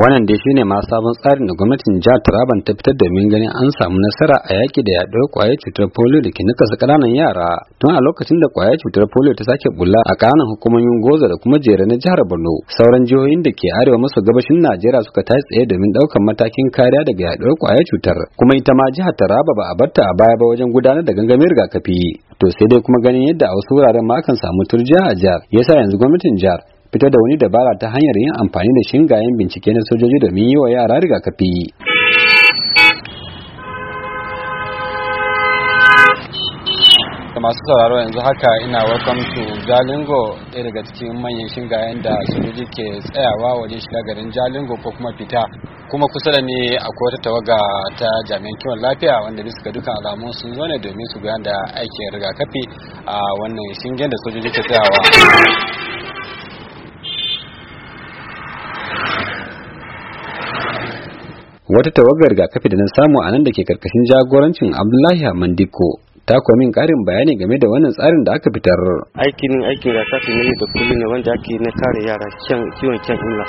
wannan dai shine ma sabon tsarin da gwamnatin jihar Taraban ta fitar domin ganin an samu nasara a yaki da yaɗuwar kwayar cutar polio da ke nakasa ƙananan yara tun a lokacin da kwayar cutar polio ta sake bulla a ƙananan hukumomin Goza da kuma Jere na jihar Borno sauran jihohin da ke arewa maso gabashin Najeriya suka tashi tsaye domin ɗaukar matakin kariya daga yaɗuwar kwayar cutar kuma ita ma jihar Taraba ba a barta a baya ba wajen gudanar da gangamin rigakafi to sai dai kuma ganin yadda a wasu wuraren ma akan samu turjiya a jihar yasa yanzu gwamnatin jihar fitar da wani dabara ta hanyar yin amfani da shingayen bincike na sojoji domin yi wa yara rigakafi masu sauraro yanzu haka ina welcome to jalingo ɗaya daga cikin manyan shingayen da sojoji ke tsayawa wajen shiga garin jalingo ko kuma fita kuma kusa da ni akwai wata tawaga ta jami'an kiwon lafiya wanda bisa ga dukkan alamun sun zo ne domin su gudanar da aikin rigakafi a wannan shingen da sojoji ke tsayawa wata tawagar rigakafi da na samu a nan da ke karkashin jagorancin abdullahi mandiko ta kuwa min karin bayani game da wannan tsarin da aka fitar aikin aikin rigakafi ne da kullum ne wanda ake na kare yara kiwon kyan illa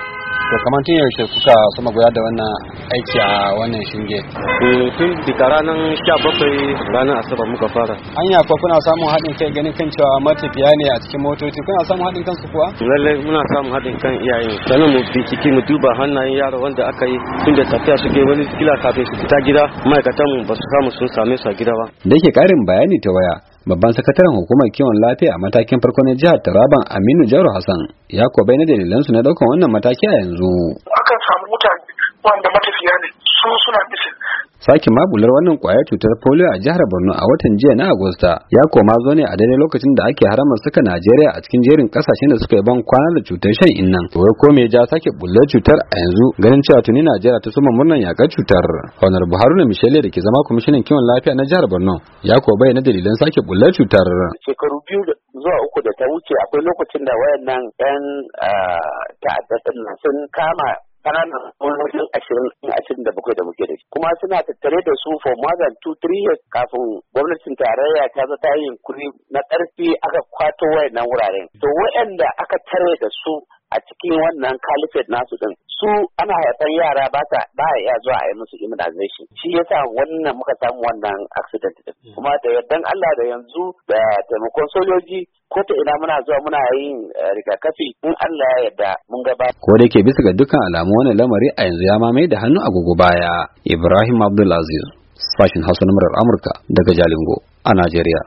to kamar tun yaushe kuka kuma goya da wannan aiki a wannan shinge eh, tun daga ranar sha bakwai ranar asabar muka fara An ko kuna samun haɗin kai ganin kan cewa matafiya ne a cikin motoci kuna samun haɗin su kuwa lalle muna samun haɗin kan iyayen sanin mu bincike mu duba hannayen yara wanda aka yi tun da tafiya suke wani kila kafin su fita gida ma'aikatan mu ba su samu sun same su a gida ba da yake karin bayani ta waya babban sakataren hukumar kiwon lafiya a matakin farko na jihar taraban aminu jauro hassan ya ko na dalilan su na daukan wannan mataki a yanzu akan samu mutane wanda matafiya ne su suna bisa sake mabular wannan kwayar cutar polio a jihar borno a watan jiya na agusta ya koma zo ne a daidai lokacin da ake haramar suka najeriya a cikin jerin kasashen da suka yi ban kwana da cutar shan innan wai ko me ja sake bullar cutar a yanzu ganin cewa tuni najeriya ta suma murnar yakar cutar honar buhari na michelle da ke zama kwamishinan kiwon lafiya na jihar borno ya ko bayyana dalilan sake bullar cutar shekaru biyu zuwa uku da ta wuce akwai lokacin da wayannan yan ah, ta'addadan sun kama ƙananan wajen ashirin ashirin da bakwai da muke da shi kuma suna tattare da su for more than two three years kafin gwamnatin tarayya ta zo ta yi na ƙarfi aka kwato wayannan wuraren to wayanda aka tare da su a cikin wannan kalifet nasu din su ana haifar yara ba ta ba iya zuwa a yi musu immunization shi yasa wannan muka samu wannan accident din hmm. kuma da yardan Allah da yanzu da taimakon sojoji ko ta ina muna zuwa muna yin eh, rigakafi in Allah ya yarda mun gaba. Ko da yake bisa ga dukkan alamu wannan lamari a yanzu ya mamaye da hannu gogo baya. Ibrahim Abdulaziz, sashin Hausa na Amurka daga Jalingo a Najeriya.